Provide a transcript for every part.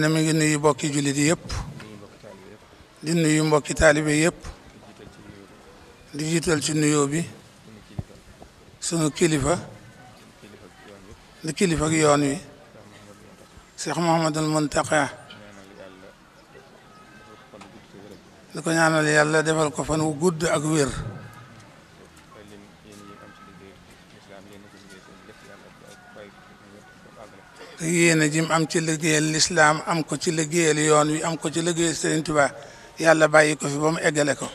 nee na mi ngi nuyu mbokki jullit yëpp di nuyu mbokki taalibe yëpp di jiital ci nuyoo bi sunu kilifa di kilifa ak yoon wi Cheikh Mouhamadul di ko ñaanal yàlla defal ko fan wu gudd ak wér yéene jim am ci liggéeyal lislaam am ko ci liggéeyal yoon wi am ko ci liggéeyal Sëriñ Tuubaa yàlla bàyyi ko fi boom mu eggale ko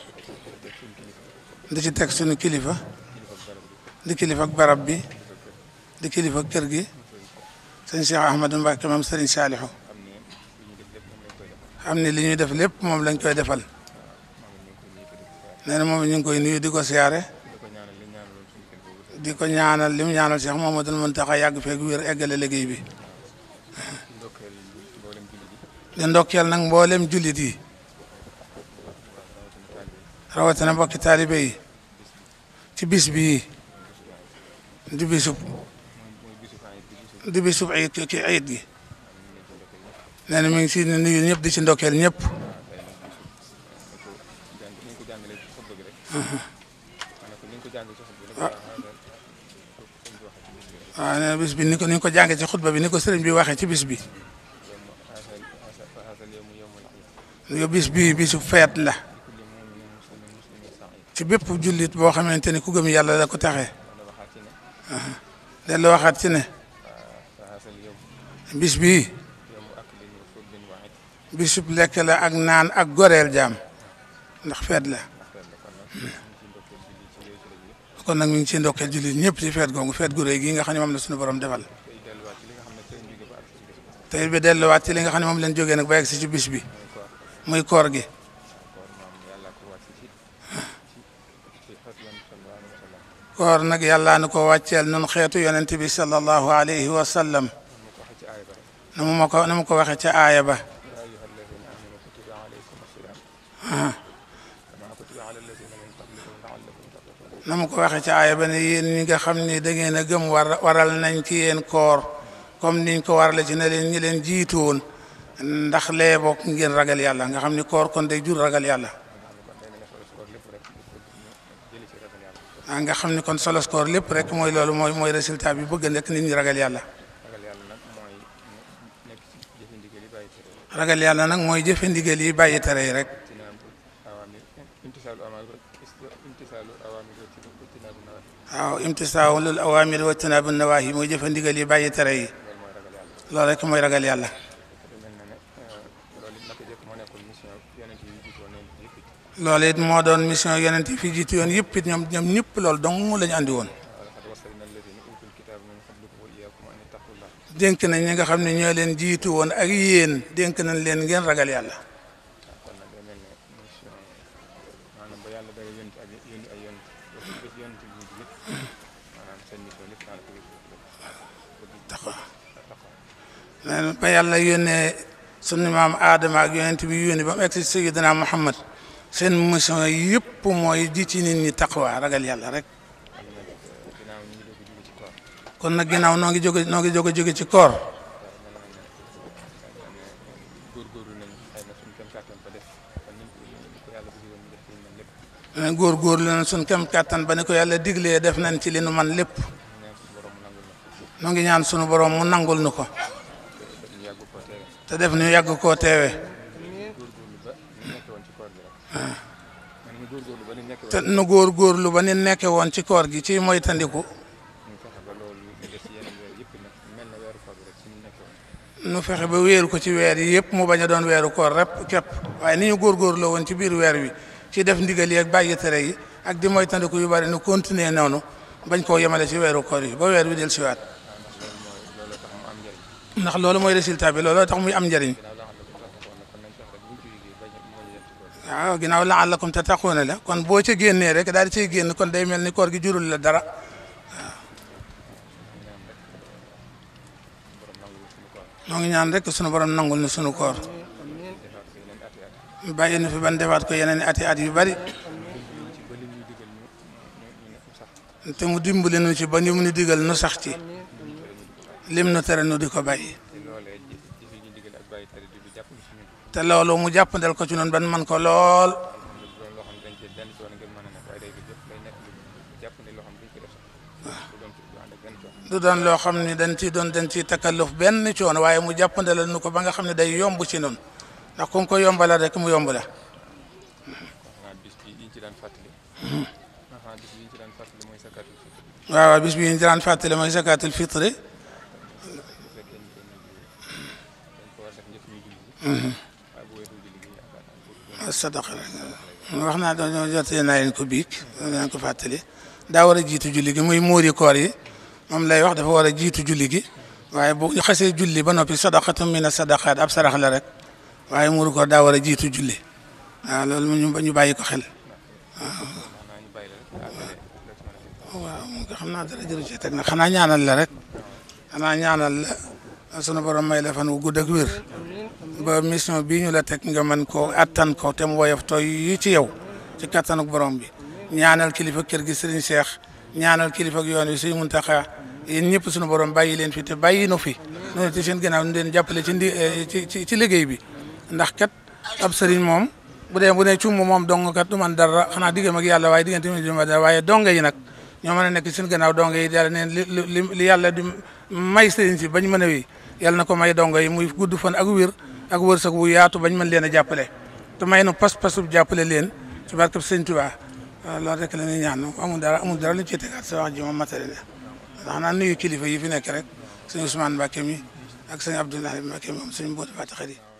di ci teg suñu kilifa di kilifa barab bi di kilifa ak kër gi sëñ Cheikh Ahmadou Mbacke moom Sëriñ Saalihu xam ne li ñuy def lépp moom lañ koy defal nee na moom ñu ngi koy nuyu di ko siyaare di ko ñaanal li mu ñaanal Cheikh Mamadou Muntaxa yàgg feeg wér eggale liggéey bi di ndokkeel nag mboolem jullit yi rawatina mbokki taalibe yi ci bis bii di bisub di bisub ay ki ayit gi nee na mi ngi si nuyu ñëpp di ci ndokkeel ñëpp waaw nee na bis bi ni ko ni ko jàngee ci xutba bi ni ko sëriñ bi waxee ci bis bi yo bis bii bisu feet la ci bépp jullit boo xamante ni ku gëm yàlla da ko taxee dellu waxaat ci ne bis bii bisub lekk la ak naan ak goreel jaam ndax feet la kon nag mi ngi ci ndokkeel jullit ñëpp ci feet googu feet gu réy gi nga xam ne moom la suñu borom defal tey bi delluwaat ci li nga xam ne moom leen jógee nag ba yegg ci bis bi muy koor gi koor nag yàlla na ko wàcceel nun xeetu yonent bi sallallahu alayhi wa na mu ko na ko waxee ca aaya ba na mu ko waxee ca aaya ba ne nga xam ni da ngeen a gëm war waral nañ ci yéen koor comme niñ ko waral ci ne leen ñi leen jiitu woon ndax lee bokk ngeen ragal yàlla nga xam ni koor kon day jur ragal yàlla ah nga xam ni kon solos koor lépp rek mooy loolu mooy mooy résultat bi bëgg nekk ni ñi ragal yàlla ragal yàlla nag mooy jëfe ndigal yi bàyyi tere yi rek waaw imtisaalul awaamir wa tinaabu nawaahi mooy jëfe ndigal yi bàyyi tere yi lool rek mooy ragal yàlla loolu it moo doon mission yeneen yi fi jiitu yoon yëpp it ñoom ñoom ñëpp loolu dong la ñu andi woon. dénk nañ ñi nga xam ne ñoo leen jiitu woon ak yéen dénk nañ leen ngeen ragal yàlla. ba yàlla yónnee sunu maam Adama ak yonent bi yónni ba mu egsi Sayyidina Muhammad seen mission yëpp mooy di ci nit ñi taqwa ragal yàlla rek kon nag ginnaaw noo ngi jóge noo ngi jóge jóge ci koor eh, góor nañ suñ kem kàttan ba ni ko yàlla diglee def na ci li nu man lépp noo ngi ñaan sunu borom mu nangul nu ko te def ñu yàgg koo teewe te nu lu ba ni nekke woon ci koor gi ci moytandiku nu fexe ba wéeru ko ci weer yi yëpp mu bañ a doon weeru koor rek képp waaye ni ñu góorgóorloo woon ci biir weer wi ci def ndigal yi ak bàyyi yi ak di moytandiku yu bari nu continuer noonu bañ ko yemale ci weeru koor yi ba weer wi del siwaat ndax loolu mooy résultat bi looloo tax muy am njariñ waaw ginnaaw la'allakum tattaquuna la kon boo ca génnee rek daal di cay génn kon day mel ni koor gi jurul la dara waaw ngi ñaan rek sunu borom nangul ni sunu koor bàyyi nu fi ban defaat ko yeneen ati at yu bari te mu dimbali nu ci ba ni mu nu digal nu sax ci lim nu tere nu di ko bàyyi te loolu mu jàppandal ko ci noonu ban man ko lool du doon loo xam ne dañ ci doon dañ ciy takalluf benn coono waaye mu jàppandalal nu ko ba nga xam ne day yomb ci noonu ndax ku ko yombalal rek mu yomb la. waaw bis bi ñu daan fàttali mooy zakatul fitri. sadaqa wax naa dañoo jotee naa leen ko biig danañ ko fàttali daa war a jiitu julli gi muy muuri koor yi moom lay wax dafa war a jiitu julli gi waaye bu xasee julli ba noppi sadaqatum mina sadaqaat ab sarax la rek waaye muuri koor daa war a jiitu julli waaw loolu ñu ñu bàyyi ko xel waaw. waaw xam naa dara jëru ci teg nag xanaa ñaanal la rek xanaa ñaanal la sunu borom may la fan wu gudd ba mission bii ñu la teg nga mën ko attan ko te mu woyof tooy yi ci yow ci kattanuk borom bi ñaanal kilifa kër gi Serigne Cheikh ñaanal kilifa ak yoon wi Serigne Mountakha yéen ñëpp suñu borom bàyyi leen fi te bàyyi nu fi noonu ci seen ginnaaw ñu leen jàppale ci ndi eh, ci ci liggéey bi ndax kat ab sëriñ moom bu dee bu dee ci moom dong kat du man dara xanaa diggam ak yàlla waaye diggante mi du ma dara waaye donga yi nag ñoo mën nekk seen gannaaw donga yi yàlla neen li li yàlla di may sëriñ si bañ mën a wéy yàlla na ko may dongo yi muy gudd fan ak wér ak wërsëg wu yaatu bañ man leen a jàppale te may nu pas-pasu jàppale leen ci barkab sëñ Tuubaa loolu rek la ñuy ñaan amul dara amu dara lu ci tegaat sa wax ji moom matale na ndax naa nuyu kilifa yi fi nekk rek sëñ Ousmane Mbacke mi ak sëñ Abdoulaye Mbacke moom suñu mbootu baati xarit